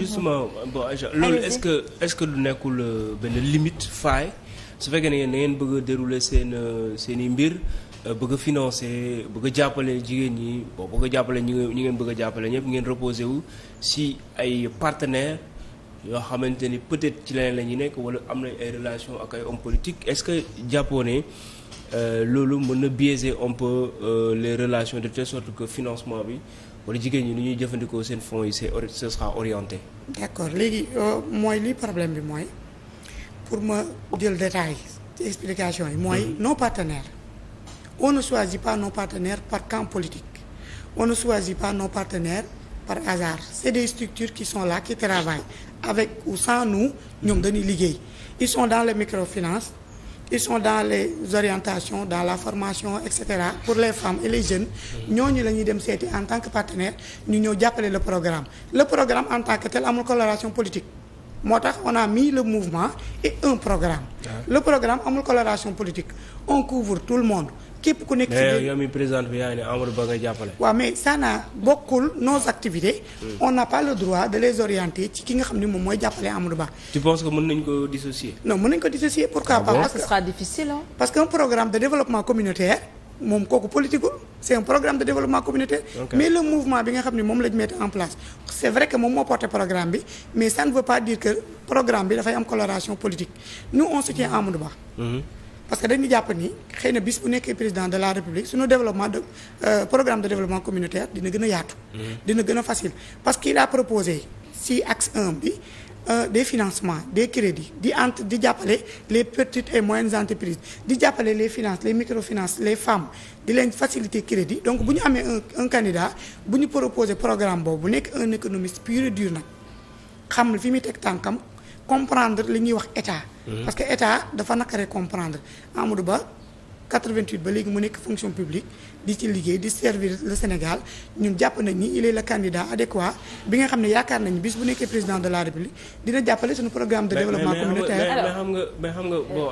justement bon loolu est que est-ce que du nekkul euh, benn limite faille su fekkee na yéen da ngeen bëgg a dérouler seen euh, seen i mbir euh, bëgg a financer bëgg jàppale jigéen ñi boo bëgg jàppale ñi ngeen bëgg a jàppale ñëpp ngeen reposer wu si ay partenaires. yoo xamante ni peut-être ci leneen la ñu nekk wala am nañ ay relation ak ay hommes politiques est-ce que jàppoo ne euh, loolu mën na biaiser un peu euh, les relation de telle sorte que financement bi wala jigéen ñi ni ñuy jëfandikoo seen fonds yi c'est ce sera orienté. d'accord léegi euh, mooy li problème bi mooy pour ma jël détail ci explication yi. mooy mm-hmm. non partenaires. on na choisit pas nos partenaire par camp politique on na choisit pas nos partenaires par hasard c'est des structures qui sont là qui avec ou sans nous ñoom mhm. dañuy liggéey ils sont dans les microfinances ils sont dans les orientations dans la formation et cetera pour les femmes et les jeunes mhm. ñooñu la ñuy dem seeti en tant que partenaire ñu ñëw jàppale le programme le programme en tant que tel amul coloration politique moo tax on a mis le mouvement et un programme. le programme amul coloration politique on couvre tout le monde. képp ku nekk ci yow mi président bi yaa ngi ne Amadou Ba nga jàppale. waaw mais ça na bokkul nos activités. Hmm. on n'a pas le droit de les orienter ci ki nga xam ne moom mooy jàppale Amadou Ba. tu penses que mën nañ ko dissocier. non mën nañ ko dissocier pourquoi ah parce que ce sera difficile parce que un programme de développement communautaire. moom kooku politique c'est un programme de développement communautaire okay. mais le mouvement bi nga xam ne moom lañ mettre en place c'est vrai que moom moo porté programme bi mais ça ne veut pas dire que programme bi dafay am coloration politique nous on soutient Amadou Ba mm-hmm. parce que dañu jàpp ni xëy na bis bu nekkee président de la république suñu développement de euh, programme de développement communautaire dina gën a yaatu mm-hmm. dina gën a facile parce qu'il a proposé Euh, des financements des crédit di entre di jàppale les petites et moyennes entreprises di jàppale les finances les microfinances les femmes di leen faciliter crédit donc bu ñu amee un candidat bu ñu proposer programme boobu bu nekk un économiste pur et dur nag xam fi muy teg tànkam comprendre li ñuy wax état mm-hmm. parce que état dafa naqaree comprendre Amadou Ba 88 ba léegi mu nekk fonction publique di ci liggéey di servir le Sénégal ñun jàpp nañ ni il est le candidat bi nga xam ne yaakaar nañ bis bu nekkee président de la République dina jàppale suñu programme de développement communautaire mais xam nga mais xam nga bon